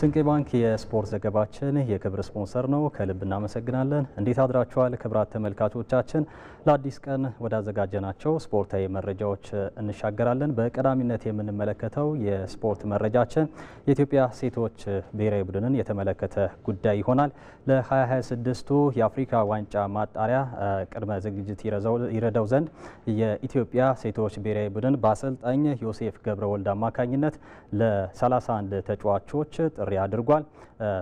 ስንቄ ባንክ የስፖርት ዘገባችን የክብር ስፖንሰር ነው። ከልብ እናመሰግናለን። እንዴት አድራችኋል ክብራት ተመልካቾቻችን? ለአዲስ ቀን ወዳዘጋጀናቸው ስፖርታዊ መረጃዎች እንሻገራለን። በቀዳሚነት የምንመለከተው የስፖርት መረጃችን የኢትዮጵያ ሴቶች ብሔራዊ ቡድንን የተመለከተ ጉዳይ ይሆናል። ለ2026ቱ የአፍሪካ ዋንጫ ማጣሪያ ቅድመ ዝግጅት ይረዳው ዘንድ የኢትዮጵያ ሴቶች ብሔራዊ ቡድን በአሰልጣኝ ዮሴፍ ገብረ ወልድ አማካኝነት ለ31 ተጫዋቾች ጥሪ ማብራሪያ አድርጓል።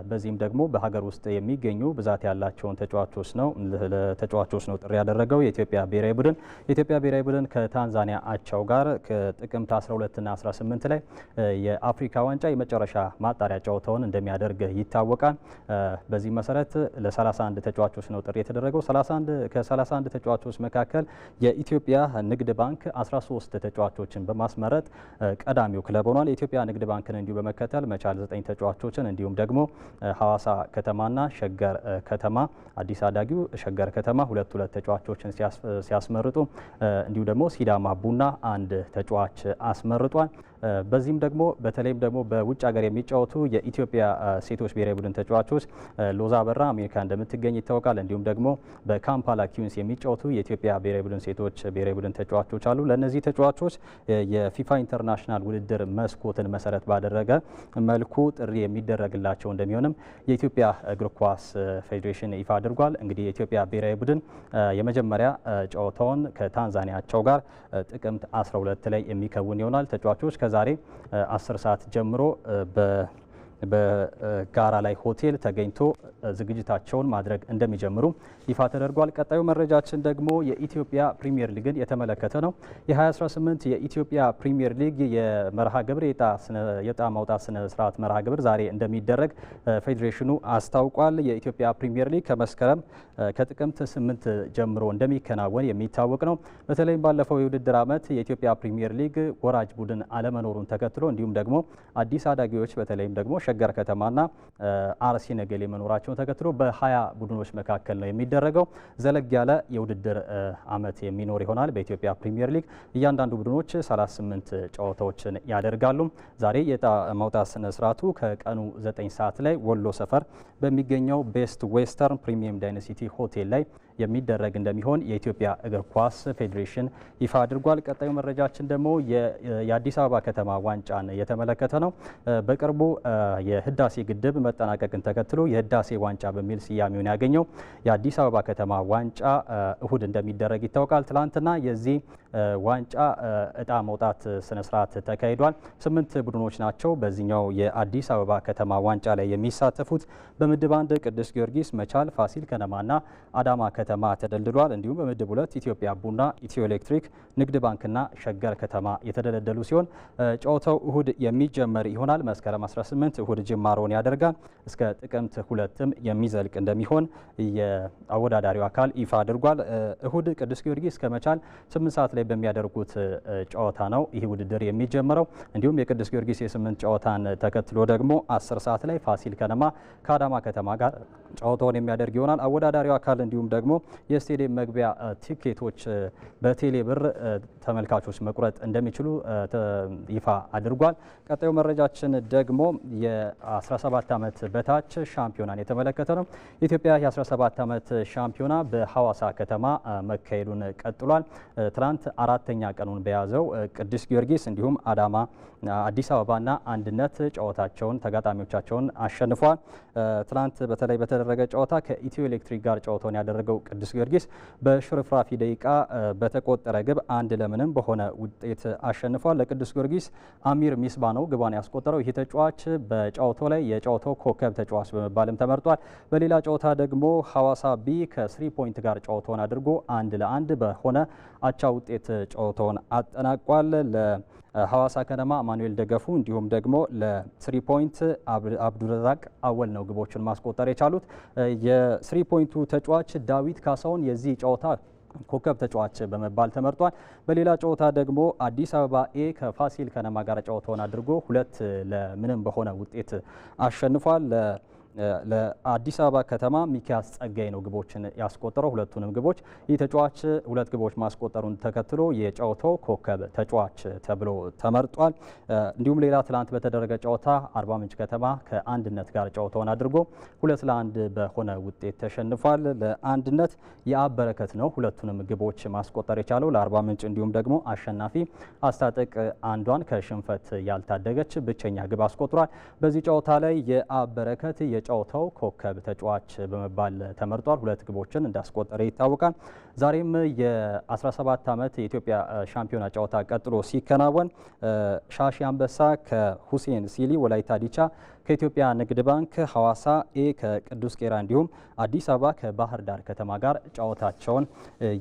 በዚህም ደግሞ በሀገር ውስጥ የሚገኙ ብዛት ያላቸውን ተጫዋቾች ነው ለተጫዋቾች ነው ጥሪ ያደረገው የኢትዮጵያ ብሔራዊ ቡድን የኢትዮጵያ ብሔራዊ ቡድን ከታንዛኒያ አቻው ጋር ከጥቅምት 12ና 18 ላይ የአፍሪካ ዋንጫ የመጨረሻ ማጣሪያ ጨዋታውን እንደሚያደርግ ይታወቃል። በዚህ መሰረት ለ31 ተጫዋቾች ነው ጥሪ የተደረገው። ከ31 ተጫዋቾች መካከል የኢትዮጵያ ንግድ ባንክ 13 ተጫዋቾችን በማስመረጥ ቀዳሚው ክለብ ሆኗል። የኢትዮጵያ ንግድ ባንክን እንዲሁ በመከተል መቻል 9 ተጫዋቾች ተጫዋቾችን እንዲሁም ደግሞ ሐዋሳ ከተማና ሸገር ከተማ አዲስ አዳጊው ሸገር ከተማ ሁለት ሁለት ተጫዋቾችን ሲያስመርጡ እንዲሁ ደግሞ ሲዳማ ቡና አንድ ተጫዋች አስመርጧል። በዚህም ደግሞ በተለይም ደግሞ በውጭ ሀገር የሚጫወቱ የኢትዮጵያ ሴቶች ብሔራዊ ቡድን ተጫዋቾች ሎዛ በራ አሜሪካ እንደምትገኝ ይታወቃል። እንዲሁም ደግሞ በካምፓላ ኪዩንስ የሚጫወቱ የኢትዮጵያ ብሔራዊ ቡድን ሴቶች ብሔራዊ ቡድን ተጫዋቾች አሉ። ለእነዚህ ተጫዋቾች የፊፋ ኢንተርናሽናል ውድድር መስኮትን መሰረት ባደረገ መልኩ ጥሪ የሚደረግላቸው እንደሚሆንም የኢትዮጵያ እግር ኳስ ፌዴሬሽን ይፋ አድርጓል። እንግዲህ የኢትዮጵያ ብሔራዊ ቡድን የመጀመሪያ ጨዋታውን ከታንዛኒያቸው ጋር ጥቅምት 12 ላይ የሚከውን ይሆናል። ተጫዋቾች ከዛሬ 10 ሰዓት ጀምሮ በጋራ ላይ ሆቴል ተገኝቶ ዝግጅታቸውን ማድረግ እንደሚጀምሩ ይፋ ተደርጓል። ቀጣዩ መረጃችን ደግሞ የኢትዮጵያ ፕሪምየር ሊግን የተመለከተ ነው። የ2018 የኢትዮጵያ ፕሪምየር ሊግ የመርሃ ግብር የዕጣ ማውጣት ስነ ስርዓት መርሃ ግብር ዛሬ እንደሚደረግ ፌዴሬሽኑ አስታውቋል። የኢትዮጵያ ፕሪምየር ሊግ ከመስከረም ከጥቅምት 8 ጀምሮ እንደሚከናወን የሚታወቅ ነው። በተለይም ባለፈው የውድድር ዓመት የኢትዮጵያ ፕሪምየር ሊግ ወራጅ ቡድን አለመኖሩን ተከትሎ እንዲሁም ደግሞ አዲስ አዳጊዎች በተለይም ደግሞ ሸገር ከተማና አርሲ ነገሌ መኖራቸውን ተከትሎ በሀያ ቡድኖች መካከል ነው የሚደረገው። ዘለግ ያለ የውድድር አመት የሚኖር ይሆናል። በኢትዮጵያ ፕሪሚየር ሊግ እያንዳንዱ ቡድኖች 38 ጨዋታዎችን ያደርጋሉ። ዛሬ የዕጣ ማውጣት ስነ ስርዓቱ ከቀኑ 9 ሰዓት ላይ ወሎ ሰፈር በሚገኘው ቤስት ዌስተርን ፕሪሚየም ዳይነሲቲ ሆቴል ላይ የሚደረግ እንደሚሆን የኢትዮጵያ እግር ኳስ ፌዴሬሽን ይፋ አድርጓል። ቀጣዩ መረጃችን ደግሞ የአዲስ አበባ ከተማ ዋንጫን የተመለከተ ነው። በቅርቡ የህዳሴ ግድብ መጠናቀቅን ተከትሎ የህዳሴ ዋንጫ በሚል ስያሜውን ያገኘው የአዲስ አበባ ከተማ ዋንጫ እሁድ እንደሚደረግ ይታወቃል። ትላንትና የዚህ ዋንጫ እጣ መውጣት ስነስርዓት ተካሂዷል። ስምንት ቡድኖች ናቸው በዚህኛው የአዲስ አበባ ከተማ ዋንጫ ላይ የሚሳተፉት። በምድብ አንድ ቅዱስ ጊዮርጊስ፣ መቻል፣ ፋሲል ከነማና አዳማ ከተማ ተደልድሏል። እንዲሁም በምድብ ሁለት ኢትዮጵያ ቡና፣ ኢትዮ ኤሌክትሪክ፣ ንግድ ባንክና ሸገር ከተማ የተደለደሉ ሲሆን ጨዋታው እሁድ የሚጀመር ይሆናል። መስከረም 18 እሁድ ጅማሮን ያደርጋል። እስከ ጥቅምት ሁለትም የሚዘልቅ እንደሚሆን የአወዳዳሪው አካል ይፋ አድርጓል። እሁድ ቅዱስ ጊዮርጊስ ከመቻል ስምንት ሰዓት ላይ ላይ በሚያደርጉት ጨዋታ ነው ይህ ውድድር የሚጀምረው። እንዲሁም የቅዱስ ጊዮርጊስ የስምንት ጨዋታን ተከትሎ ደግሞ አስር ሰዓት ላይ ፋሲል ከነማ ከአዳማ ከተማ ጋር ጨዋታውን የሚያደርግ ይሆናል። አወዳዳሪው አካል እንዲሁም ደግሞ የስቴዲየም መግቢያ ቲኬቶች በቴሌ ብር ተመልካቾች መቁረጥ እንደሚችሉ ይፋ አድርጓል። ቀጣዩ መረጃችን ደግሞ የ17 ዓመት በታች ሻምፒዮናን የተመለከተ ነው። ኢትዮጵያ የ17 ዓመት ሻምፒዮና በሐዋሳ ከተማ መካሄዱን ቀጥሏል። ትናንት አራተኛ ቀኑን በያዘው ቅዱስ ጊዮርጊስ እንዲሁም አዳማ፣ አዲስ አበባና አንድነት ጨዋታቸውን ተጋጣሚዎቻቸውን አሸንፏል። ትናንት በተለይ በተደረገ ጨዋታ ከኢትዮ ኤሌክትሪክ ጋር ጨዋታውን ያደረገው ቅዱስ ጊዮርጊስ በሽርፍራፊ ደቂቃ በተቆጠረ ግብ አንድ ለምንም በሆነ ውጤት አሸንፏል። ለቅዱስ ጊዮርጊስ አሚር ሚስባ ነው ግቧን ያስቆጠረው። ይህ ተጫዋች በጨዋታው ላይ የጨዋታው ኮከብ ተጫዋች በመባልም ተመርጧል። በሌላ ጨዋታ ደግሞ ሐዋሳ ቢ ከስሪ ፖይንት ጋር ጨዋታውን አድርጎ አንድ ለአንድ በሆነ አቻ ውጤት ለውጤት ጨዋታውን አጠናቋል። ለሐዋሳ ከነማ ማኑኤል ደገፉ እንዲሁም ደግሞ ለስሪ ፖይንት አብዱረዛቅ አወል ነው ግቦችን ማስቆጠር የቻሉት። የስሪ ፖይንቱ ተጫዋች ዳዊት ካሳውን የዚህ ጨዋታ ኮከብ ተጫዋች በመባል ተመርጧል። በሌላ ጨዋታ ደግሞ አዲስ አበባ ኤ ከፋሲል ከነማ ጋር ጨዋታውን አድርጎ ሁለት ለምንም በሆነ ውጤት አሸንፏል። ለአዲስ አበባ ከተማ ሚኪያስ ጸጋይ ነው ግቦችን ያስቆጠረው። ሁለቱንም ግቦች ይህ ተጫዋች ሁለት ግቦች ማስቆጠሩን ተከትሎ የጨዋታው ኮከብ ተጫዋች ተብሎ ተመርጧል። እንዲሁም ሌላ ትላንት በተደረገ ጨዋታ አርባ ምንጭ ከተማ ከአንድነት ጋር ጨዋታውን አድርጎ ሁለት ለአንድ በሆነ ውጤት ተሸንፏል። ለአንድነት የአብ በረከት ነው ሁለቱንም ግቦች ማስቆጠር የቻለው ለአርባ ምንጭ እንዲሁም ደግሞ አሸናፊ አስታጠቅ አንዷን ከሽንፈት ያልታደገች ብቸኛ ግብ አስቆጥሯል። በዚህ ጨዋታ ላይ የአብ በረከት የጨዋታው ኮከብ ተጫዋች በመባል ተመርጧል። ሁለት ግቦችን እንዳስቆጠረ ይታወቃል። ዛሬም የ17 ዓመት የኢትዮጵያ ሻምፒዮና ጨዋታ ቀጥሎ ሲከናወን ሻሺ አንበሳ ከሁሴን ሲሊ ወላይታ ዲቻ ከኢትዮጵያ ንግድ ባንክ፣ ሐዋሳ ኤ ከቅዱስ ቄራ እንዲሁም አዲስ አበባ ከባህር ዳር ከተማ ጋር ጨዋታቸውን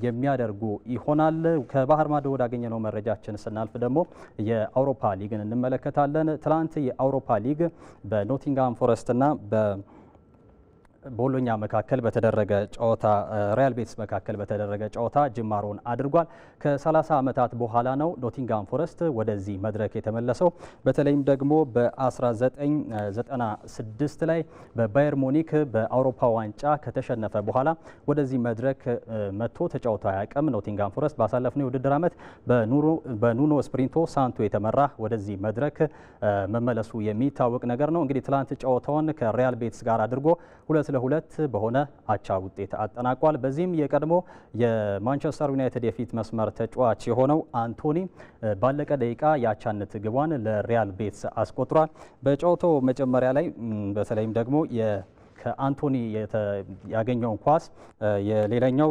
የሚያደርጉ ይሆናል። ከባህር ማዶ ነው መረጃችን ስናልፍ ደግሞ የአውሮፓ ሊግን እንመለከታለን። ትናንት የአውሮፓ ሊግ በኖቲንግሃም ፎረስትና በ ቦሎኛ መካከል በተደረገ ጨዋታ ሪያል ቤትስ መካከል በተደረገ ጨዋታ ጅማሮን አድርጓል። ከ30 ዓመታት በኋላ ነው ኖቲንጋም ፎረስት ወደዚህ መድረክ የተመለሰው። በተለይም ደግሞ በ1996 ላይ በባየር ሙኒክ በአውሮፓ ዋንጫ ከተሸነፈ በኋላ ወደዚህ መድረክ መጥቶ ተጫውቶ አያውቅም። ኖቲንጋም ፎረስት ባሳለፍነው የውድድር ዓመት በኑኖ ስፕሪንቶ ሳንቶ የተመራ ወደዚህ መድረክ መመለሱ የሚታወቅ ነገር ነው። እንግዲህ ትላንት ጨዋታውን ከሪያል ቤትስ ጋር አድርጎ ሁለት ለሁለት በሆነ አቻ ውጤት አጠናቋል። በዚህም የቀድሞ የማንቸስተር ዩናይትድ የፊት መስመር ተጫዋች የሆነው አንቶኒ ባለቀ ደቂቃ የአቻነት ግቧን ለሪያል ቤትስ አስቆጥሯል። በጨዋታው መጀመሪያ ላይ በተለይም ደግሞ ከአንቶኒ ያገኘውን ኳስ የሌላኛው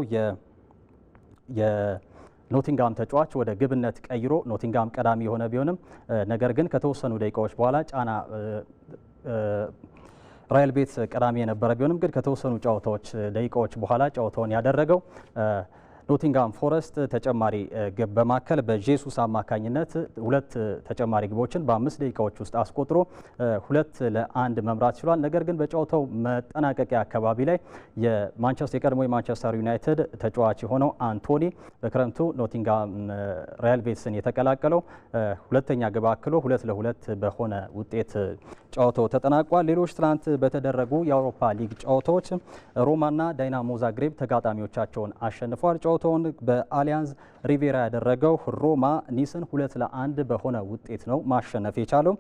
ኖቲንጋም ተጫዋች ወደ ግብነት ቀይሮ ኖቲንጋም ቀዳሚ የሆነ ቢሆንም ነገር ግን ከተወሰኑ ደቂቃዎች በኋላ ጫና ራይል ቤት ቀዳሚ የነበረ ቢሆንም ግን ከተወሰኑ ጨዋታዎች ደቂቃዎች በኋላ ጨዋታውን ያደረገው ኖቲንጋም ፎረስት ተጨማሪ ግብ በማከል በጄሱስ አማካኝነት ሁለት ተጨማሪ ግቦችን በአምስት ደቂቃዎች ውስጥ አስቆጥሮ ሁለት ለአንድ መምራት ችሏል። ነገር ግን በጨዋታው መጠናቀቂያ አካባቢ ላይ የማንቸስተር የቀድሞ የማንቸስተር ዩናይትድ ተጫዋች የሆነው አንቶኒ በክረምቱ ኖቲንጋም ሪያል ቤትስን የተቀላቀለው ሁለተኛ ግብ አክሎ ሁለት ለሁለት በሆነ ውጤት ጨዋታው ተጠናቋል። ሌሎች ትናንት በተደረጉ የአውሮፓ ሊግ ጨዋታዎች ሮማና ዳይናሞ ዛግሬብ ተጋጣሚዎቻቸውን አሸንፏል። ቦታውን በአሊያንዝ ሪቬራ ያደረገው ሮማ ኒስን ሁለት ለአንድ በሆነ ውጤት ነው ማሸነፍ የቻለው።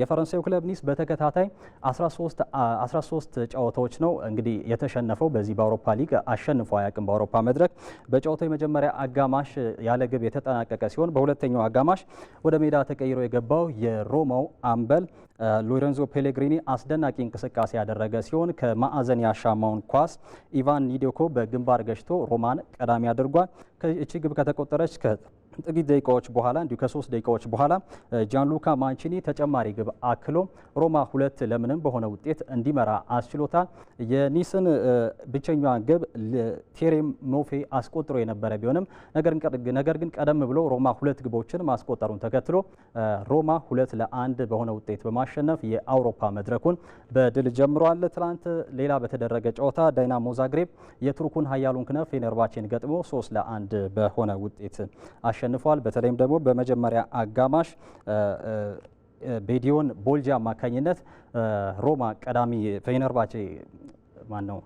የፈረንሳዩ ክለብ ኒስ በተከታታይ 13 ጨዋታዎች ነው እንግዲህ የተሸነፈው። በዚህ በአውሮፓ ሊግ አሸንፎ አያውቅም። በአውሮፓ መድረክ በጨዋታው የመጀመሪያ አጋማሽ ያለ ግብ የተጠናቀቀ ሲሆን በሁለተኛው አጋማሽ ወደ ሜዳ ተቀይሮ የገባው የሮማው አምበል ሎረንዞ ፔሌግሪኒ አስደናቂ እንቅስቃሴ ያደረገ ሲሆን ከማዕዘን ያሻማውን ኳስ ኢቫን ኒዶኮ በግንባር ገጭቶ ሮማን ቀዳሚ አድርጓል። እቺ ግብ da contar à ጥቂት ደቂቃዎች በኋላ እንዲሁ ከሶስት ደቂቃዎች በኋላ ጃንሉካ ማንቺኒ ተጨማሪ ግብ አክሎ ሮማ ሁለት ለምንም በሆነ ውጤት እንዲመራ አስችሎታል። የኒስን ብቸኛ ግብ ቴሬም ኖፌ አስቆጥሮ የነበረ ቢሆንም ነገር ግን ቀደም ብሎ ሮማ ሁለት ግቦችን ማስቆጠሩን ተከትሎ ሮማ ሁለት ለአንድ በሆነ ውጤት በማሸነፍ የአውሮፓ መድረኩን በድል ጀምሯል። ትናንት ሌላ በተደረገ ጨዋታ ዳይናሞ ዛግሬብ የቱርኩን ሀያሉን ክነፍ ፌነርባቼን ገጥሞ ሶስት ለአንድ በሆነ ውጤት አሸንፏል። በተለይም ደግሞ በመጀመሪያ አጋማሽ ቤዲዮን ቦልጃ አማካኝነት ሮማ ቀዳሚ ፌነርባቼ ማን ነው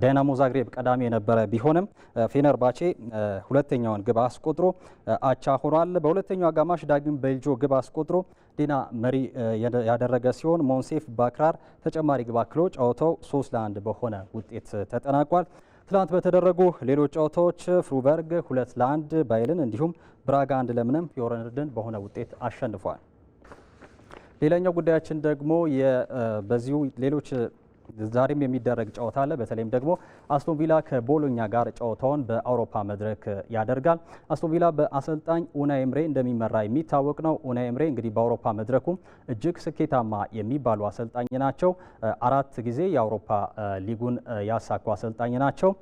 ዳይናሞ ዛግሬብ ቀዳሚ የነበረ ቢሆንም ፌነርባቼ ሁለተኛውን ግብ አስቆጥሮ አቻ ሆኗል። በሁለተኛው አጋማሽ ዳግም በልጆ ግብ አስቆጥሮ ዲና መሪ ያደረገ ሲሆን ሞንሴፍ ባክራር ተጨማሪ ግብ አክሎ ጨዋታው ሶስት ለአንድ በሆነ ውጤት ተጠናቋል። ትላንት በተደረጉ ሌሎች ጨዋታዎች ፍሩበርግ ሁለት ለአንድ ባይልን እንዲሁም ብራጋ አንድ ለምንም ፊዮረንድን በሆነ ውጤት አሸንፏል። ሌላኛው ጉዳያችን ደግሞ በዚሁ ሌሎች ዛሬም የሚደረግ ጨዋታ አለ። በተለይም ደግሞ አስቶን ቪላ ከቦሎኛ ጋር ጨዋታውን በአውሮፓ መድረክ ያደርጋል። አስቶን ቪላ በአሰልጣኝ ኡናይ ኤምሬ እንደሚመራ የሚታወቅ ነው። ኡናይ ኤምሬ እንግዲህ በአውሮፓ መድረኩ እጅግ ስኬታማ የሚባሉ አሰልጣኝ ናቸው። አራት ጊዜ የአውሮፓ ሊጉን ያሳኩ አሰልጣኝ ናቸው።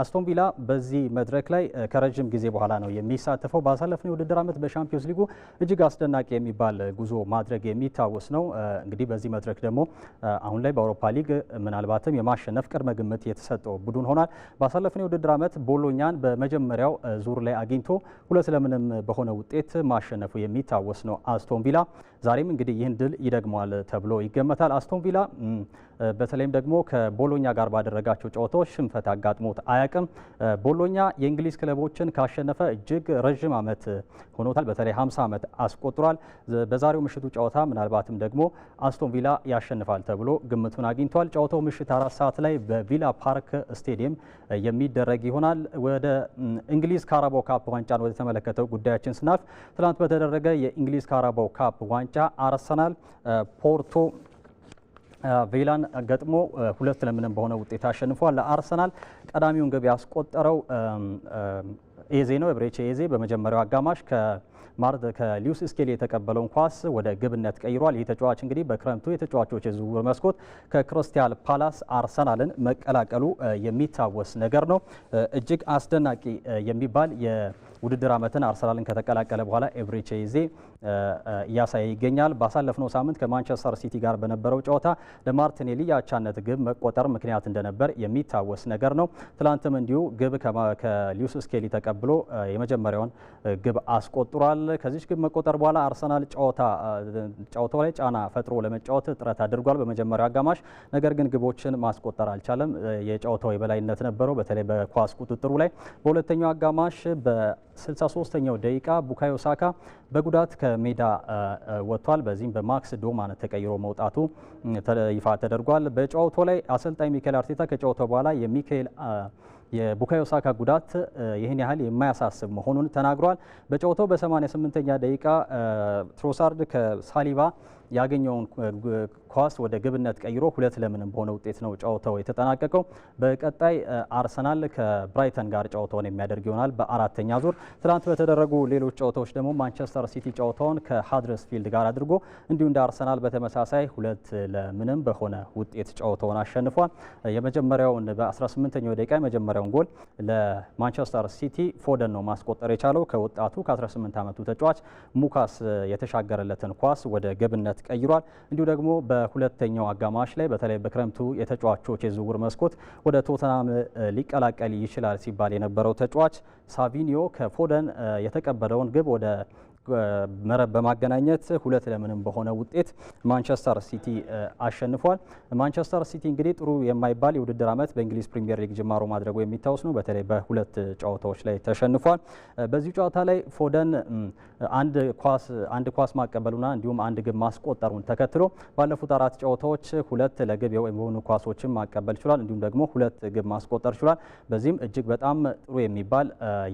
አስቶን ቪላ በዚህ መድረክ ላይ ከረዥም ጊዜ በኋላ ነው የሚሳተፈው። ባሳለፍነው የውድድር ዓመት በሻምፒዮንስ ሊጉ እጅግ አስደናቂ የሚባል ጉዞ ማድረግ የሚታወስ ነው። እንግዲህ በዚህ መድረክ ደግሞ አሁን ላይ በአውሮፓ የአውሮፓ ሊግ ምናልባትም የማሸነፍ ቅድመ ግምት የተሰጠው ቡድን ሆኗል። ባሳለፍነው የውድድር ዓመት ቦሎኛን በመጀመሪያው ዙር ላይ አግኝቶ ሁለት ለምንም በሆነ ውጤት ማሸነፉ የሚታወስ ነው። አስቶን ቪላ ዛሬም እንግዲህ ይህን ድል ይደግመዋል ተብሎ ይገመታል። አስቶን ቪላ በተለይም ደግሞ ከቦሎኛ ጋር ባደረጋቸው ጨዋታዎች ሽንፈት አጋጥሞት አያቅም። ቦሎኛ የእንግሊዝ ክለቦችን ካሸነፈ እጅግ ረዥም ዓመት ሆኖታል። በተለይ 50 ዓመት አስቆጥሯል። በዛሬው ምሽቱ ጨዋታ ምናልባትም ደግሞ አስቶን ቪላ ያሸንፋል ተብሎ ግምቱን አግኝቷል። ጨዋታው ምሽት አራት ሰዓት ላይ በቪላ ፓርክ ስቴዲየም የሚደረግ ይሆናል። ወደ እንግሊዝ ካራቦ ካፕ ዋንጫን ወደ ተመለከተው ጉዳያችን ስናልፍ ትናንት በተደረገ የእንግሊዝ ካራቦ ካፕ ዋንጫ አርሰናል ፖርቶ ቬላን ገጥሞ ሁለት ለምንም በሆነ ውጤት አሸንፏል። ለአርሰናል ቀዳሚውን ግብ ያስቆጠረው ኤዜ ነው። ብሬቼ ኤዜ በመጀመሪያው አጋማሽ ማርት ከሊዩስ ስኬሊ የተቀበለውን ኳስ ወደ ግብነት ቀይሯል። ይህ ተጫዋች እንግዲህ በክረምቱ የተጫዋቾች የዝውውር መስኮት ከክሪስታል ፓላስ አርሰናልን መቀላቀሉ የሚታወስ ነገር ነው። እጅግ አስደናቂ የሚባል የውድድር ዓመትን አርሰናልን ከተቀላቀለ በኋላ ኤብሬቺ ኤዜ እያሳየ ይገኛል። ባሳለፍነው ሳምንት ከማንቸስተር ሲቲ ጋር በነበረው ጨዋታ ለማርቲኔሊ የአቻነት ግብ መቆጠር ምክንያት እንደነበር የሚታወስ ነገር ነው። ትላንትም እንዲሁ ግብ ከሊውስ ስኬሊ ተቀብሎ የመጀመሪያውን ግብ አስቆጥሯል። ከዚች ግብ መቆጠር በኋላ አርሰናል ጨዋታ ጨዋታው ላይ ጫና ፈጥሮ ለመጫወት ጥረት አድርጓል በመጀመሪያው አጋማሽ። ነገር ግን ግቦችን ማስቆጠር አልቻለም። የጨዋታው የበላይነት ነበረው በተለይ በኳስ ቁጥጥሩ ላይ። በሁለተኛው አጋማሽ በ63ኛው ደቂቃ ቡካዮ ሳካ በጉዳት ከሜዳ ወጥቷል። በዚህም በማክስ ዶማን ተቀይሮ መውጣቱ ይፋ ተደርጓል። በጨዋታው ላይ አሰልጣኝ ሚካኤል አርቴታ ከጨዋታው በኋላ የሚካኤል የቡካዮ ሳካ ጉዳት ይህን ያህል የማያሳስብ መሆኑን ተናግሯል። በጨዋታው በ88ኛ ደቂቃ ትሮሳርድ ከሳሊባ ያገኘውን ኳስ ወደ ግብነት ቀይሮ ሁለት ለምንም በሆነ ውጤት ነው ጨዋታው የተጠናቀቀው። በቀጣይ አርሰናል ከብራይተን ጋር ጨዋታውን የሚያደርግ ይሆናል በአራተኛ ዙር። ትናንት በተደረጉ ሌሎች ጨዋታዎች ደግሞ ማንቸስተር ሲቲ ጨዋታውን ከሃድረስፊልድ ጋር አድርጎ እንዲሁ እንደ አርሰናል በተመሳሳይ ሁለት ለምንም በሆነ ውጤት ጨዋታውን አሸንፏል። የመጀመሪያውን በ18ኛው ደቂቃ የመጀመሪያውን ጎል ለማንቸስተር ሲቲ ፎደን ነው ማስቆጠር የቻለው ከወጣቱ ከ18 ዓመቱ ተጫዋች ሙካስ የተሻገረለትን ኳስ ወደ ግብነት ቀይሯል። እንዲሁ ደግሞ በሁለተኛው አጋማሽ ላይ በተለይ በክረምቱ የተጫዋቾች የዝውውር መስኮት ወደ ቶተናም ሊቀላቀል ይችላል ሲባል የነበረው ተጫዋች ሳቪኒዮ ከፎደን የተቀበለውን ግብ ወደ መረብ በማገናኘት ሁለት ለምንም በሆነ ውጤት ማንቸስተር ሲቲ አሸንፏል። ማንቸስተር ሲቲ እንግዲህ ጥሩ የማይባል የውድድር ዓመት በእንግሊዝ ፕሪምየር ሊግ ጅማሮ ማድረጉ የሚታወስ ነው። በተለይ በሁለት ጨዋታዎች ላይ ተሸንፏል። በዚህ ጨዋታ ላይ ፎደን አንድ ኳስ አንድ ኳስ ማቀበሉና እንዲሁም አንድ ግብ ማስቆጠሩን ተከትሎ ባለፉት አራት ጨዋታዎች ሁለት ለግብ የሆኑ ኳሶችን ማቀበል ችሏል። እንዲሁም ደግሞ ሁለት ግብ ማስቆጠር ችሏል። በዚህም እጅግ በጣም ጥሩ የሚባል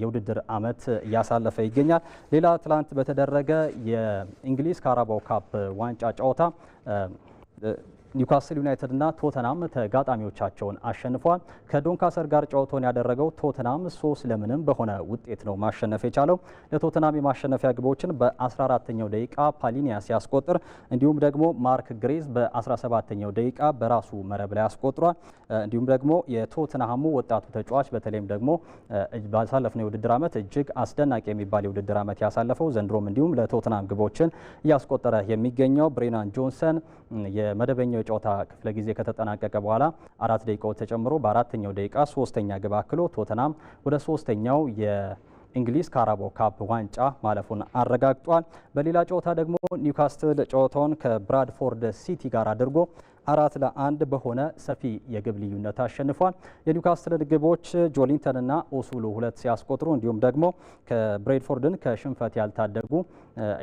የውድድር ዓመት እያሳለፈ ይገኛል። ሌላ ትላንት በተደረገ የእንግሊዝ ካራባው ካፕ ዋንጫ ጨዋታ ኒውካስል ዩናይትድ እና ቶተናም ተጋጣሚዎቻቸውን አሸንፏል። ከዶንካሰር ጋር ጨዋታውን ያደረገው ቶተናም ሶስት ለምንም በሆነ ውጤት ነው ማሸነፍ የቻለው። ለቶተናም የማሸነፊያ ግቦችን በ14ኛው ደቂቃ ፓሊኒያ ሲያስቆጥር እንዲሁም ደግሞ ማርክ ግሬዝ በ17ኛው ደቂቃ በራሱ መረብ ላይ አስቆጥሯል። እንዲሁም ደግሞ የቶተናሙ ወጣቱ ተጫዋች በተለይም ደግሞ ባሳለፍነው የውድድር ዓመት እጅግ አስደናቂ የሚባል የውድድር ዓመት ያሳለፈው ዘንድሮም እንዲሁም ለቶተናም ግቦችን እያስቆጠረ የሚገኘው ብሬናን ጆንሰን የመደበኛው ሁለተኛው የጨዋታ ክፍለ ጊዜ ከተጠናቀቀ በኋላ አራት ደቂቃዎች ተጨምሮ በአራተኛው ደቂቃ ሶስተኛ ግብ አክሎ ቶተናም ወደ ሶስተኛው የ እንግሊዝ ካራባው ካፕ ዋንጫ ማለፉን አረጋግጧል። በሌላ ጨዋታ ደግሞ ኒውካስትል ጨዋታውን ከብራድፎርድ ሲቲ ጋር አድርጎ አራት ለአንድ በሆነ ሰፊ የግብ ልዩነት አሸንፏል። የኒውካስትልን ግቦች ጆሊንተንና ኦሱሉ ሁለት ሲያስቆጥሩ እንዲሁም ደግሞ ከብሬድፎርድን ከሽንፈት ያልታደጉ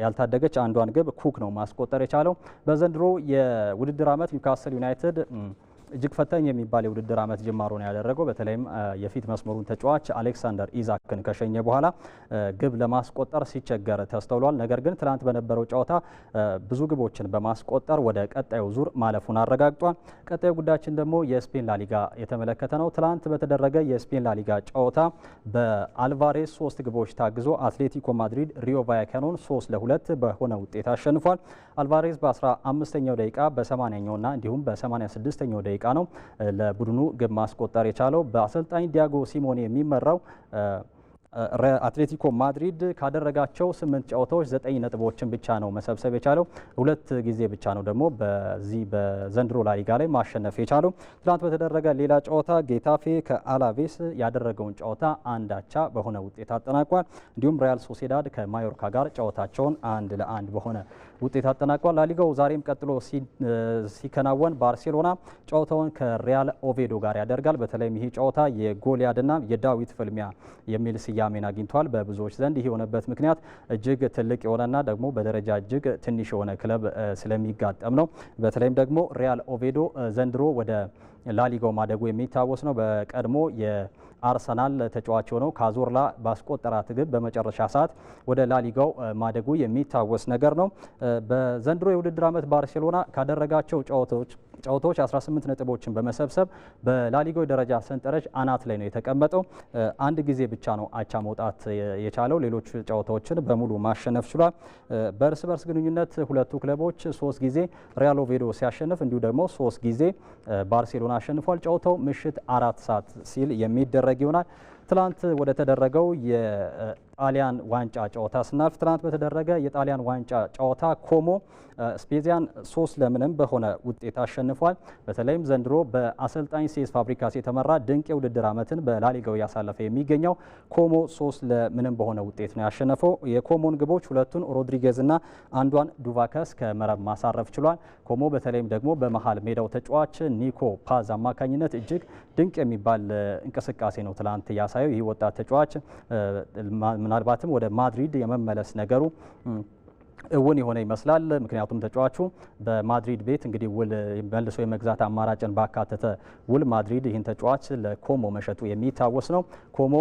ያልታደገች አንዷን ግብ ኩክ ነው ማስቆጠር የቻለው። በዘንድሮ የውድድር ዓመት ኒውካስትል ዩናይትድ እጅግ ፈታኝ የሚባል የውድድር ዓመት ጅማሮን ያደረገው። በተለይም የፊት መስመሩን ተጫዋች አሌክሳንደር ኢዛክን ከሸኘ በኋላ ግብ ለማስቆጠር ሲቸገር ተስተውሏል። ነገር ግን ትናንት በነበረው ጨዋታ ብዙ ግቦችን በማስቆጠር ወደ ቀጣዩ ዙር ማለፉን አረጋግጧል። ቀጣዩ ጉዳያችን ደግሞ የስፔን ላሊጋ የተመለከተ ነው። ትናንት በተደረገ የስፔን ላሊጋ ጨዋታ በአልቫሬስ ሶስት ግቦች ታግዞ አትሌቲኮ ማድሪድ ሪዮ ቫያካኖን ሶስት ለሁለት በሆነ ውጤት አሸንፏል። አልቫሬስ በ15ኛው ደቂቃ በ80ኛውና እንዲሁም በ86ኛው ደቂቃ ደቂቃ ነው ለቡድኑ ግብ ማስቆጠር የቻለው። በአሰልጣኝ ዲያጎ ሲሞኔ የሚመራው አትሌቲኮ ማድሪድ ካደረጋቸው ስምንት ጨዋታዎች ዘጠኝ ነጥቦችን ብቻ ነው መሰብሰብ የቻለው። ሁለት ጊዜ ብቻ ነው ደግሞ በዚህ በዘንድሮ ላሊጋ ላይ ማሸነፍ የቻለው። ትናንት በተደረገ ሌላ ጨዋታ ጌታፌ ከአላቬስ ያደረገውን ጨዋታ አንድ በሆነ ውጤት አጠናቋል። እንዲሁም ሪያል ሶሴዳድ ከማዮርካ ጋር ጨዋታቸውን አንድ ለአንድ በሆነ ውጤት አጠናቋል። ላሊጋው ዛሬም ቀጥሎ ሲከናወን ባርሴሎና ጨዋታውን ከሪያል ኦቬዶ ጋር ያደርጋል። በተለይም ይህ ጨዋታ የጎልያድና የዳዊት ፍልሚያ የሚል ስያሜን አግኝቷል በብዙዎች ዘንድ። ይህ የሆነበት ምክንያት እጅግ ትልቅ የሆነና ደግሞ በደረጃ እጅግ ትንሽ የሆነ ክለብ ስለሚጋጠም ነው። በተለይም ደግሞ ሪያል ኦቬዶ ዘንድሮ ወደ ላሊጋው ማደጉ የሚታወስ ነው። በቀድሞ አርሰናል ተጫዋች ሆነው ካዞርላ ባስቆጠራት ግብ በመጨረሻ ሰዓት ወደ ላሊጋው ማደጉ የሚታወስ ነገር ነው። በዘንድሮ የውድድር ዓመት ባርሴሎና ካደረጋቸው ጨዋታዎች ጨዋታዎች 18 ነጥቦችን በመሰብሰብ በላሊጋው ደረጃ ሰንጠረዥ አናት ላይ ነው የተቀመጠው። አንድ ጊዜ ብቻ ነው አቻ መውጣት የቻለው። ሌሎች ጨዋታዎችን በሙሉ ማሸነፍ ችሏል። በእርስ በርስ ግንኙነት ሁለቱ ክለቦች ሶስት ጊዜ ሪያል ኦቬዶ ሲያሸንፍ እንዲሁ ደግሞ ሶስት ጊዜ ባርሴሎና አሸንፏል። ጨዋታው ምሽት አራት ሰዓት ሲል የሚደረግ ይሆናል። ትላንት ወደ ተደረገው የጣሊያን ዋንጫ ጨዋታ ስናልፍ ትላንት በተደረገ የጣሊያን ዋንጫ ጨዋታ ኮሞ ስፔዚያን ሶስት ለምንም በሆነ ውጤት አሸንፏል። በተለይም ዘንድሮ በአሰልጣኝ ሴስ ፋብሪካስ የተመራ ድንቅ የውድድር ዓመትን በላሊጋው እያሳለፈ የሚገኘው ኮሞ ሶስት ለምንም በሆነ ውጤት ነው ያሸነፈው። የኮሞን ግቦች ሁለቱን ሮድሪጌዝና አንዷን ዱቫከስ ከመረብ ማሳረፍ ችሏል። ኮሞ በተለይም ደግሞ በመሀል ሜዳው ተጫዋች ኒኮ ፓዝ አማካኝነት እጅግ ድንቅ የሚባል እንቅስቃሴ ነው ትላንት ያሳ የሚያሳየው ይህ ወጣት ተጫዋች ምናልባትም ወደ ማድሪድ የመመለስ ነገሩ እውን የሆነ ይመስላል። ምክንያቱም ተጫዋቹ በማድሪድ ቤት እንግዲህ ውል መልሶ የመግዛት አማራጭን ባካተተ ውል ማድሪድ ይህን ተጫዋች ለኮሞ መሸጡ የሚታወስ ነው። ኮሞ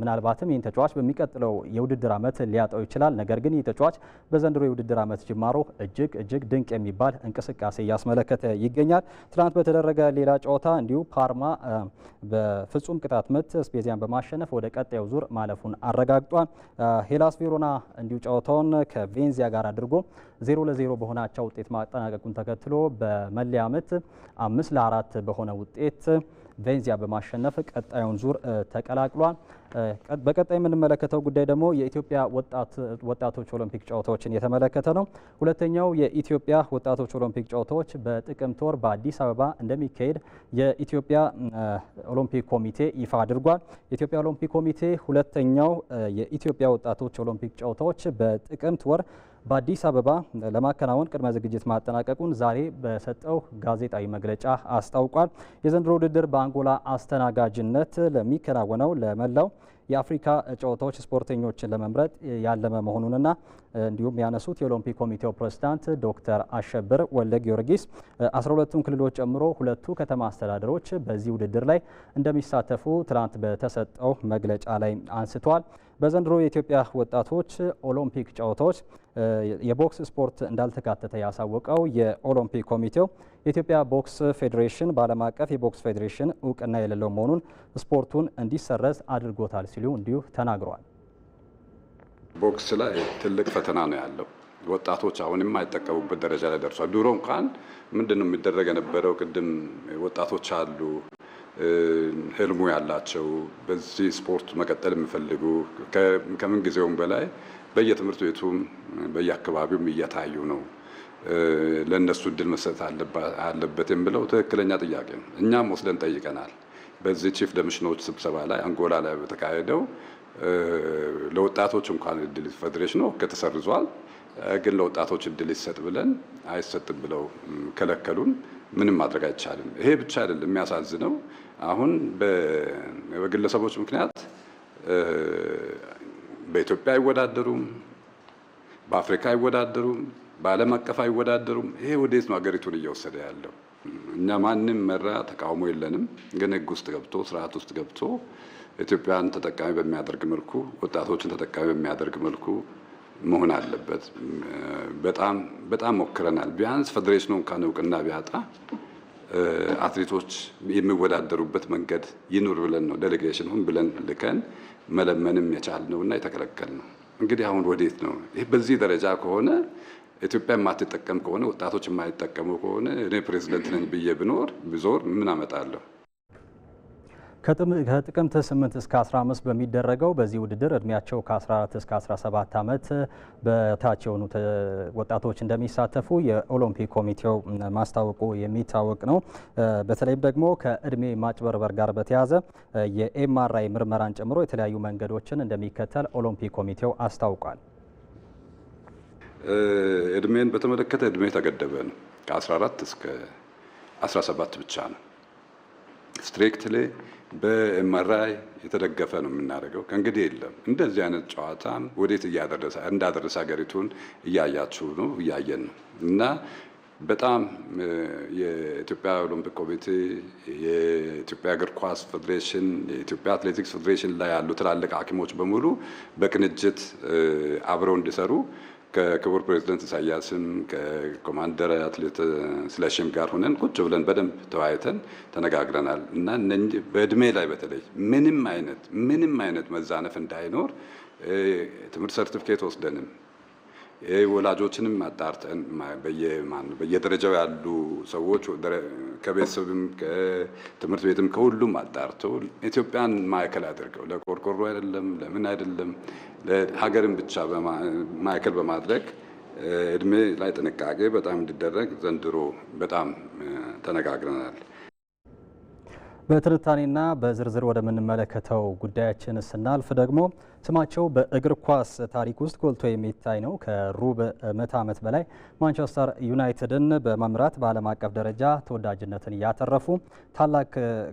ምናልባትም ይህን ተጫዋች በሚቀጥለው የውድድር ዓመት ሊያጠው ይችላል። ነገር ግን ይህ ተጫዋች በዘንድሮ የውድድር ዓመት ጅማሮ እጅግ እጅግ ድንቅ የሚባል እንቅስቃሴ እያስመለከተ ይገኛል። ትናንት በተደረገ ሌላ ጨዋታ እንዲሁ ፓርማ በፍጹም ቅጣት ምት ስፔዚያን በማሸነፍ ወደ ቀጣዩ ዙር ማለፉን አረጋግጧል። ሄላስ ቬሮና እንዲሁ ጨዋታውን ከቬንዚያ ጋር ጋር አድርጎ ዜሮ ለዜሮ በሆናቸው ውጤት ማጠናቀቁን ተከትሎ በመለያ ምት አምስት ለአራት በሆነ ውጤት ቬንዚያ በማሸነፍ ቀጣዩን ዙር ተቀላቅሏል። በቀጣይ የምንመለከተው ጉዳይ ደግሞ የኢትዮጵያ ወጣቶች ኦሎምፒክ ጨዋታዎችን የተመለከተ ነው። ሁለተኛው የኢትዮጵያ ወጣቶች ኦሎምፒክ ጨዋታዎች በጥቅምት ወር በአዲስ አበባ እንደሚካሄድ የኢትዮጵያ ኦሎምፒክ ኮሚቴ ይፋ አድርጓል። የኢትዮጵያ ኦሎምፒክ ኮሚቴ ሁለተኛው የኢትዮጵያ ወጣቶች ኦሎምፒክ ጨዋታዎች በጥቅምት ወር በአዲስ አበባ ለማከናወን ቅድመ ዝግጅት ማጠናቀቁን ዛሬ በሰጠው ጋዜጣዊ መግለጫ አስታውቋል። የዘንድሮ ውድድር በአንጎላ አስተናጋጅነት ለሚከናወነው ለመላው የአፍሪካ ጨዋታዎች ስፖርተኞችን ለመምረጥ ያለመ መሆኑንና እንዲሁም ያነሱት የኦሎምፒክ ኮሚቴው ፕሬዚዳንት ዶክተር አሸብር ወልደ ጊዮርጊስ 12ቱን ክልሎች ጨምሮ ሁለቱ ከተማ አስተዳደሮች በዚህ ውድድር ላይ እንደሚሳተፉ ትናንት በተሰጠው መግለጫ ላይ አንስተዋል። በዘንድሮ የኢትዮጵያ ወጣቶች ኦሎምፒክ ጨዋታዎች የቦክስ ስፖርት እንዳልተካተተ ያሳወቀው የኦሎምፒክ ኮሚቴው የኢትዮጵያ ቦክስ ፌዴሬሽን በዓለም አቀፍ የቦክስ ፌዴሬሽን እውቅና የሌለው መሆኑን ስፖርቱን እንዲሰረዝ አድርጎታል ሲሉ እንዲሁ ተናግረዋል። ቦክስ ላይ ትልቅ ፈተና ነው ያለው። ወጣቶች አሁን የማይጠቀሙበት ደረጃ ላይ ደርሷል። ድሮ እንኳን ምንድን ነው የሚደረግ የነበረው? ቅድም ወጣቶች አሉ ህልሙ ያላቸው በዚህ ስፖርት መቀጠል የሚፈልጉ ከምን ጊዜውም በላይ በየትምህርት ቤቱም በየአካባቢውም እየታዩ ነው። ለእነሱ እድል መሰጠት አለበት የሚለው ትክክለኛ ጥያቄ ነው። እኛም ወስደን ጠይቀናል። በዚህ ቺፍ ዳይሬክተሮች ስብሰባ ላይ አንጎላ ላይ በተካሄደው ለወጣቶች እንኳን እድል ነው ከተሰርዟል፣ ግን ለወጣቶች እድል ይሰጥ ብለን አይሰጥም ብለው ከለከሉን። ምንም ማድረግ አይቻልም። ይሄ ብቻ አይደለም የሚያሳዝነው፣ አሁን በግለሰቦች ምክንያት በኢትዮጵያ አይወዳደሩም፣ በአፍሪካ አይወዳደሩም፣ በዓለም አቀፍ አይወዳደሩም። ይሄ ወዴት ነው ሀገሪቱን እየወሰደ ያለው? እኛ ማንም መራ ተቃውሞ የለንም፣ ግን ህግ ውስጥ ገብቶ ስርዓት ውስጥ ገብቶ ኢትዮጵያን ተጠቃሚ በሚያደርግ መልኩ ወጣቶችን ተጠቃሚ በሚያደርግ መልኩ መሆን አለበት። በጣም በጣም ሞክረናል። ቢያንስ ፌዴሬሽኑ እንኳን እውቅና ቢያጣ አትሌቶች የሚወዳደሩበት መንገድ ይኑር ብለን ነው ዴሌጌሽን ሁን ብለን ልከን መለመንም የቻልነው እና የተከለከል ነው። እንግዲህ አሁን ወዴት ነው ይህ? በዚህ ደረጃ ከሆነ ኢትዮጵያ የማትጠቀም ከሆነ ወጣቶች የማይጠቀሙ ከሆነ እኔ ፕሬዚደንት ነኝ ብዬ ብኖር ብዞር ምን አመጣለሁ? ከጥቅምት 8 እስከ 15 በሚደረገው በዚህ ውድድር እድሜያቸው ከ14 እስከ 17 ዓመት በታች የሆኑ ወጣቶች እንደሚሳተፉ የኦሎምፒክ ኮሚቴው ማስታወቁ የሚታወቅ ነው። በተለይም ደግሞ ከእድሜ ማጭበርበር ጋር በተያያዘ የኤምአርአይ ምርመራን ጨምሮ የተለያዩ መንገዶችን እንደሚከተል ኦሎምፒክ ኮሚቴው አስታውቋል። እድሜን በተመለከተ እድሜ ተገደበ ነው። ከ14 እስከ 17 ብቻ ነው። ስትሪክትሊ በኤምአርአይ የተደገፈ ነው የምናደርገው። ከእንግዲህ የለም እንደዚህ አይነት ጨዋታ ወዴት እንዳደረሰ ሀገሪቱን እያያችሁ ነው፣ እያየን ነው እና በጣም የኢትዮጵያ ኦሎምፒክ ኮሚቴ፣ የኢትዮጵያ እግር ኳስ ፌዴሬሽን፣ የኢትዮጵያ አትሌቲክስ ፌዴሬሽን ላይ ያሉ ትላልቅ ሐኪሞች በሙሉ በቅንጅት አብረው እንዲሰሩ ከክቡር ፕሬዚደንት ኢሳያስም ከኮማንደር አትሌት ስለሽም ጋር ሆነን ቁጭ ብለን በደንብ ተወያይተን ተነጋግረናል እና በእድሜ ላይ በተለይ ምንም አይነት ምንም አይነት መዛነፍ እንዳይኖር ትምህርት ሰርቲፊኬት ወስደንም ወላጆችንም አጣርተን በየደረጃው ያሉ ሰዎች ከቤተሰብም ከትምህርት ቤትም ከሁሉም አጣርተው ኢትዮጵያን ማዕከል አድርገው ለቆርቆሮ አይደለም ለምን አይደለም ለሀገርን ብቻ ማዕከል በማድረግ እድሜ ላይ ጥንቃቄ በጣም እንዲደረግ ዘንድሮ በጣም ተነጋግረናል። በትንታኔና በዝርዝር ወደምንመለከተው ጉዳያችን ስናልፍ ደግሞ ስማቸው በእግር ኳስ ታሪክ ውስጥ ጎልቶ የሚታይ ነው። ከሩብ ምዕተ ዓመት በላይ ማንቸስተር ዩናይትድን በመምራት በዓለም አቀፍ ደረጃ ተወዳጅነትን ያተረፉ ታላቅ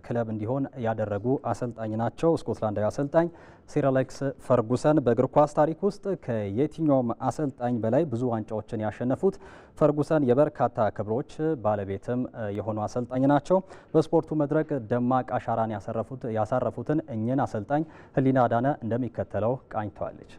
ክለብ እንዲሆን ያደረጉ አሰልጣኝ ናቸው። ስኮትላንዳዊ አሰልጣኝ ሰር አሌክስ ፈርጉሰን በእግር ኳስ ታሪክ ውስጥ ከየትኛውም አሰልጣኝ በላይ ብዙ ዋንጫዎችን ያሸነፉት ፈርጉሰን የበርካታ ክብሮች ባለቤትም የሆኑ አሰልጣኝ ናቸው። በስፖርቱ መድረክ ደማቅ አሻራን ያሳረፉትን እኚህን አሰልጣኝ ህሊና ዳነ እንደሚከተለው ጨምረው ቃኝተዋለች።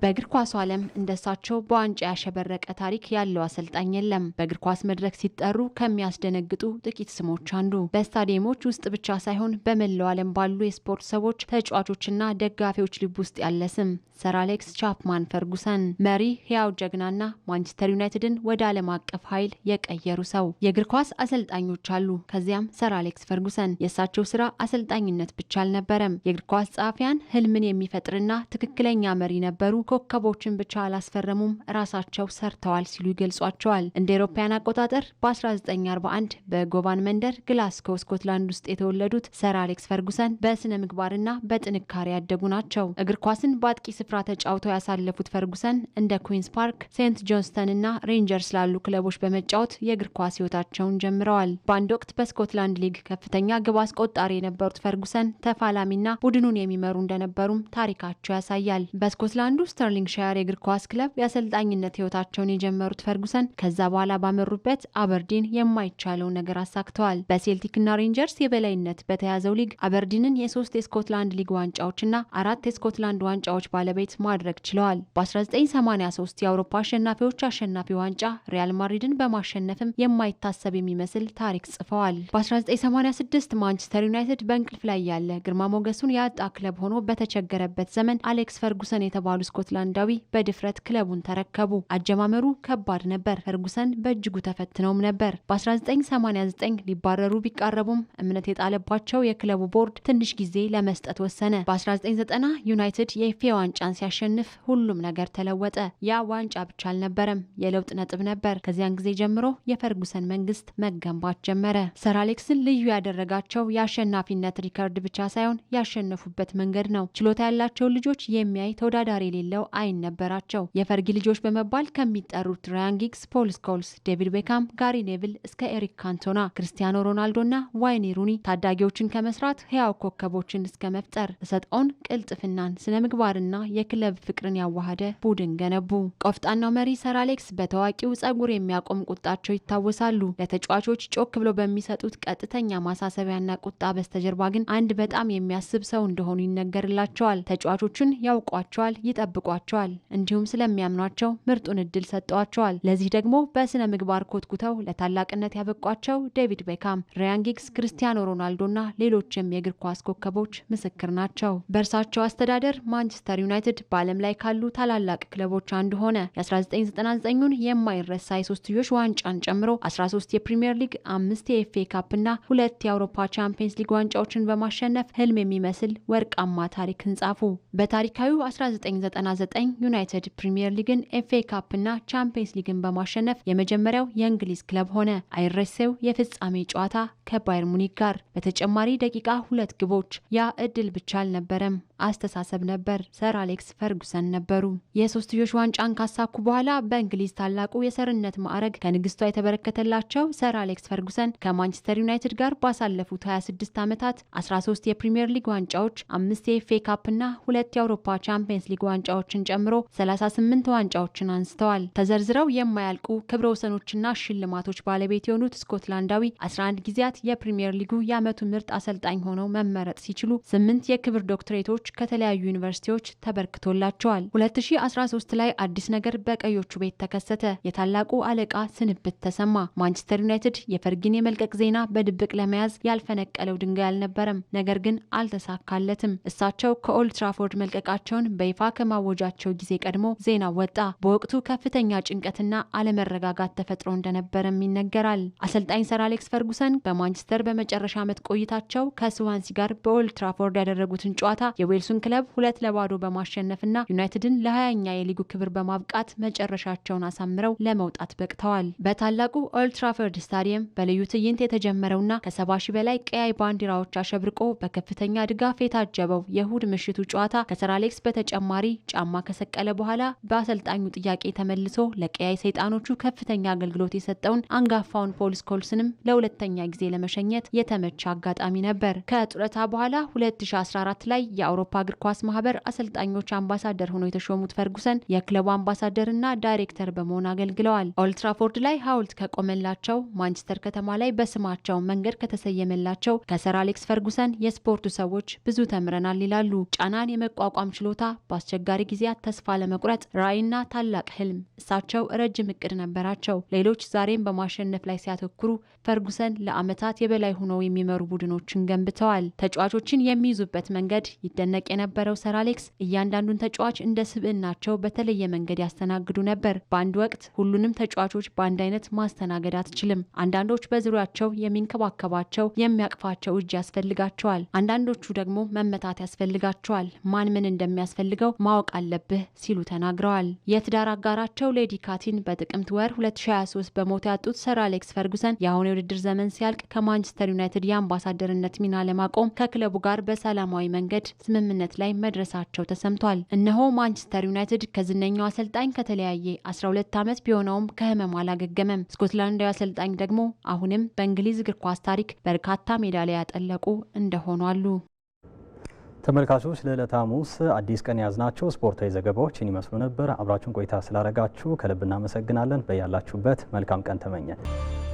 በእግር ኳሱ ዓለም እንደሳቸው በዋንጫ ያሸበረቀ ታሪክ ያለው አሰልጣኝ የለም። በእግር ኳስ መድረክ ሲጠሩ ከሚያስደነግጡ ጥቂት ስሞች አንዱ። በስታዲየሞች ውስጥ ብቻ ሳይሆን በመላው ዓለም ባሉ የስፖርት ሰዎች፣ ተጫዋቾችና ደጋፊዎች ልብ ውስጥ ያለ ስም ሰር አሌክስ ቻፕማን ፈርጉሰን፣ መሪ፣ ጀግና ጀግናና ማንቸስተር ዩናይትድን ወደ ዓለም አቀፍ ኃይል የቀየሩ ሰው። የእግር ኳስ አሰልጣኞች አሉ፣ ከዚያም ሰር አሌክስ ፈርጉሰን። የእሳቸው ስራ አሰልጣኝነት ብቻ አልነበረም። የእግር ኳስ ጸሐፊያን ህልምን የሚፈጥርና ትክክለኛ መሪ ነበሩ ኮከቦችን ብቻ አላስፈረሙም፣ ራሳቸው ሰርተዋል ሲሉ ይገልጿቸዋል። እንደ ኤሮፓያን አቆጣጠር በ1941 በጎቫን መንደር ግላስኮ ስኮትላንድ ውስጥ የተወለዱት ሰር አሌክስ ፈርጉሰን በስነ ምግባርና በጥንካሬ ያደጉ ናቸው። እግር ኳስን በአጥቂ ስፍራ ተጫውተው ያሳለፉት ፈርጉሰን እንደ ኩዊንስ ፓርክ፣ ሴንት ጆንስተን እና ሬንጀርስ ላሉ ክለቦች በመጫወት የእግር ኳስ ህይወታቸውን ጀምረዋል። በአንድ ወቅት በስኮትላንድ ሊግ ከፍተኛ ግብ አስቆጣሪ የነበሩት ፈርጉሰን ተፋላሚና ቡድኑን የሚመሩ እንደነበሩም ታሪካቸው ያሳያል። በስኮትላንዱ ሻየር የእግር ኳስ ክለብ የአሰልጣኝነት ህይወታቸውን የጀመሩት ፈርጉሰን ከዛ በኋላ ባመሩበት አበርዲን የማይቻለውን ነገር አሳክተዋል። በሴልቲክና ሬንጀርስ የበላይነት በተያዘው ሊግ አበርዲንን የሶስት የስኮትላንድ ሊግ ዋንጫዎችና አራት የስኮትላንድ ዋንጫዎች ባለቤት ማድረግ ችለዋል። በ1983 የአውሮፓ አሸናፊዎች አሸናፊ ዋንጫ ሪያል ማድሪድን በማሸነፍም የማይታሰብ የሚመስል ታሪክ ጽፈዋል። በ1986 ማንቸስተር ዩናይትድ በእንቅልፍ ላይ ያለ ግርማ ሞገሱን ያጣ ክለብ ሆኖ በተቸገረበት ዘመን አሌክስ ፈርጉሰን የተባሉ ስኮትላንዳዊ በድፍረት ክለቡን ተረከቡ። አጀማመሩ ከባድ ነበር። ፈርጉሰን በእጅጉ ተፈትነውም ነበር። በ1989 ሊባረሩ ቢቃረቡም እምነት የጣለባቸው የክለቡ ቦርድ ትንሽ ጊዜ ለመስጠት ወሰነ። በ1990 ዩናይትድ የኤፍኤ ዋንጫን ሲያሸንፍ ሁሉም ነገር ተለወጠ። ያ ዋንጫ ብቻ አልነበረም፣ የለውጥ ነጥብ ነበር። ከዚያን ጊዜ ጀምሮ የፈርጉሰን መንግስት መገንባት ጀመረ። ሰር አሌክስን ልዩ ያደረጋቸው የአሸናፊነት ሪከርድ ብቻ ሳይሆን ያሸነፉበት መንገድ ነው። ችሎታ ያላቸውን ልጆች የሚያይ ተወዳዳሪ የሌለ የሌለው አይን ነበራቸው። የፈርጊ ልጆች በመባል ከሚጠሩት ራያን ጊግስ፣ ፖል ስኮልስ፣ ዴቪድ ቤካም፣ ጋሪ ኔቪል እስከ ኤሪክ ካንቶና፣ ክርስቲያኖ ና ዋይኔ ሩኒ ታዳጊዎችን ከመስራት ህያው ኮከቦችን እስከ መፍጠር ተሰጥኦን፣ ቅልጥፍናን፣ ስነ ምግባርና የክለብ ፍቅርን ያዋሃደ ቡድን ገነቡ። ቆፍጣናው መሪ ሰር አሌክስ በታዋቂው ጸጉር የሚያቆም ቁጣቸው ይታወሳሉ። ለተጫዋቾች ጮክ ብሎ በሚሰጡት ቀጥተኛ ማሳሰቢያና ቁጣ በስተጀርባ ግን አንድ በጣም የሚያስብ ሰው እንደሆኑ ይነገርላቸዋል። ተጫዋቾቹን ያውቋቸዋል፣ ይጠብቋል ጠብቋቸዋል። እንዲሁም ስለሚያምኗቸው ምርጡን እድል ሰጠዋቸዋል። ለዚህ ደግሞ በስነ ምግባር ኮትኩተው ለታላቅነት ያበቋቸው ዴቪድ ቤካም፣ ራያን ጊግስ፣ ክርስቲያኖ እና ሌሎችም የእግር ኳስ ኮከቦች ምስክር ናቸው። በእርሳቸው አስተዳደር ማንቸስተር ዩናይትድ በዓለም ላይ ካሉ ታላላቅ ክለቦች አንዱ ሆነ። የ1999ን የማይረሳ የሶስትዮሽ ዋንጫን ጨምሮ 13 የፕሪምየር ሊግ፣ አምስት ካፕ እና ሁለት የአውሮፓ ቻምፒየንስ ሊግ ዋንጫዎችን በማሸነፍ ህልም የሚመስል ወርቃማ ታሪክን ጻፉ። በታሪካዊ በ ዩናይትድ ፕሪምየር ሊግን፣ ኤፍኤ ካፕና ቻምፒየንስ ሊግን በማሸነፍ የመጀመሪያው የእንግሊዝ ክለብ ሆነ። አይረሴው የፍጻሜ ጨዋታ ከባየር ሙኒክ ጋር በተጨማሪ ደቂቃ ሁለት ግቦች። ያ እድል ብቻ አልነበረም፣ አስተሳሰብ ነበር። ሰር አሌክስ ፈርጉሰን ነበሩ። የሶስትዮሽ ዋንጫን ካሳኩ በኋላ በእንግሊዝ ታላቁ የሰርነት ማዕረግ ከንግስቷ የተበረከተላቸው ሰር አሌክስ ፈርጉሰን ከማንቸስተር ዩናይትድ ጋር ባሳለፉት 26 ዓመታት 13 የፕሪምየር ሊግ ዋንጫዎች፣ አምስት የኤፍኤ እና ሁለት የአውሮፓ ቻምፒየንስ ሊግ ዋንጫዎች ዋንጫዎችን ጨምሮ 38 ዋንጫዎችን አንስተዋል። ተዘርዝረው የማያልቁ ክብረ ወሰኖችና ሽልማቶች ባለቤት የሆኑት ስኮትላንዳዊ 11 ጊዜያት የፕሪምየር ሊጉ የዓመቱ ምርጥ አሰልጣኝ ሆነው መመረጥ ሲችሉ ስምንት የክብር ዶክትሬቶች ከተለያዩ ዩኒቨርሲቲዎች ተበርክቶላቸዋል። 2013 ላይ አዲስ ነገር በቀዮቹ ቤት ተከሰተ። የታላቁ አለቃ ስንብት ተሰማ። ማንቸስተር ዩናይትድ የፈርጊን የመልቀቅ ዜና በድብቅ ለመያዝ ያልፈነቀለው ድንጋይ አልነበረም። ነገር ግን አልተሳካለትም። እሳቸው ከኦልድ ትራፎርድ መልቀቃቸውን በይፋ ከማ ከማወጃቸው ጊዜ ቀድሞ ዜና ወጣ። በወቅቱ ከፍተኛ ጭንቀትና አለመረጋጋት ተፈጥሮ እንደነበረም ይነገራል። አሰልጣኝ ሰር አሌክስ ፈርጉሰን በማንቸስተር በመጨረሻ ዓመት ቆይታቸው ከስዋንሲ ጋር በኦልትራፎርድ ያደረጉትን ጨዋታ የዌልሱን ክለብ ሁለት ለባዶ በማሸነፍና ዩናይትድን ለሀያኛ የሊጉ ክብር በማብቃት መጨረሻቸውን አሳምረው ለመውጣት በቅተዋል። በታላቁ ኦልትራፎርድ ስታዲየም በልዩ ትዕይንት የተጀመረውና ከሰባ ሺህ በላይ ቀያይ ባንዲራዎች አሸብርቆ በከፍተኛ ድጋፍ የታጀበው የእሁድ ምሽቱ ጨዋታ ከሰር አሌክስ በተጨማሪ ጫማ ከሰቀለ በኋላ በአሰልጣኙ ጥያቄ ተመልሶ ለቀያይ ሰይጣኖቹ ከፍተኛ አገልግሎት የሰጠውን አንጋፋውን ፖል ስኮልስንም ለሁለተኛ ጊዜ ለመሸኘት የተመቸ አጋጣሚ ነበር። ከጡረታ በኋላ 2014 ላይ የአውሮፓ እግር ኳስ ማህበር አሰልጣኞች አምባሳደር ሆኖ የተሾሙት ፈርጉሰን የክለቡ አምባሳደር እና ዳይሬክተር በመሆን አገልግለዋል። ኦልትራፎርድ ላይ ሐውልት ከቆመላቸው፣ ማንቸስተር ከተማ ላይ በስማቸው መንገድ ከተሰየመላቸው ከሰር አሌክስ ፈርጉሰን የስፖርቱ ሰዎች ብዙ ተምረናል ይላሉ። ጫናን የመቋቋም ችሎታ በአስቸጋሪ በአስቸጋሪ ጊዜያት ተስፋ ለመቁረጥ ራዕይና ታላቅ ህልም። እሳቸው ረጅም እቅድ ነበራቸው። ሌሎች ዛሬም በማሸነፍ ላይ ሲያተኩሩ፣ ፈርጉሰን ለዓመታት የበላይ ሆነው የሚመሩ ቡድኖችን ገንብተዋል። ተጫዋቾችን የሚይዙበት መንገድ ይደነቅ የነበረው ሰር አሌክስ እያንዳንዱን ተጫዋች እንደ ስብዕናቸው በተለየ መንገድ ያስተናግዱ ነበር። በአንድ ወቅት ሁሉንም ተጫዋቾች በአንድ አይነት ማስተናገድ አትችልም። አንዳንዶች በዙሪያቸው የሚንከባከባቸው የሚያቅፋቸው እጅ ያስፈልጋቸዋል። አንዳንዶቹ ደግሞ መመታት ያስፈልጋቸዋል። ማን ምን እንደሚያስፈልገው ማወቅ ማወቅ አለብህ ሲሉ ተናግረዋል። የትዳር አጋራቸው ሌዲ ካቲን በጥቅምት ወር 2023 በሞት ያጡት ሰር አሌክስ ፈርጉሰን የአሁኑ የውድድር ዘመን ሲያልቅ ከማንቸስተር ዩናይትድ የአምባሳደርነት ሚና ለማቆም ከክለቡ ጋር በሰላማዊ መንገድ ስምምነት ላይ መድረሳቸው ተሰምቷል። እነሆ ማንቸስተር ዩናይትድ ከዝነኛው አሰልጣኝ ከተለያየ 12 ዓመት ቢሆነውም ከህመሙ አላገገመም። ስኮትላንዳዊ አሰልጣኝ ደግሞ አሁንም በእንግሊዝ እግር ኳስ ታሪክ በርካታ ሜዳሊያ ያጠለቁ እንደሆኑ አሉ። ተመልካቾች ለዕለተ ሐሙስ አዲስ ቀን የያዝናቸው ስፖርታዊ ዘገባዎች ይህን ይመስሉ ነበር። አብራችሁን ቆይታ ስላደረጋችሁ ከልብ እናመሰግናለን። በያላችሁበት መልካም ቀን ተመኘን።